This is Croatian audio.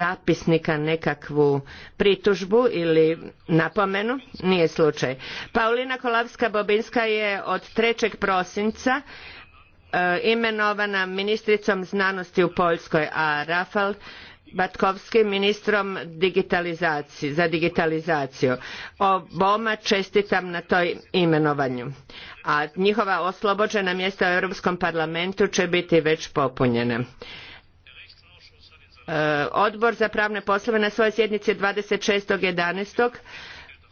zapisnika nekakvu pritužbu ili napomenu, nije slučaj. Paulina Kolavska-Bobinska je od 3. prosinca e, imenovana ministricom znanosti u Poljskoj, a Rafal Batkovski ministrom digitalizacije, za digitalizaciju. Oboma čestitam na toj imenovanju. A njihova oslobođena mjesta u Europskom parlamentu će biti već popunjena odbor za pravne poslove na svojoj sjednici 26.11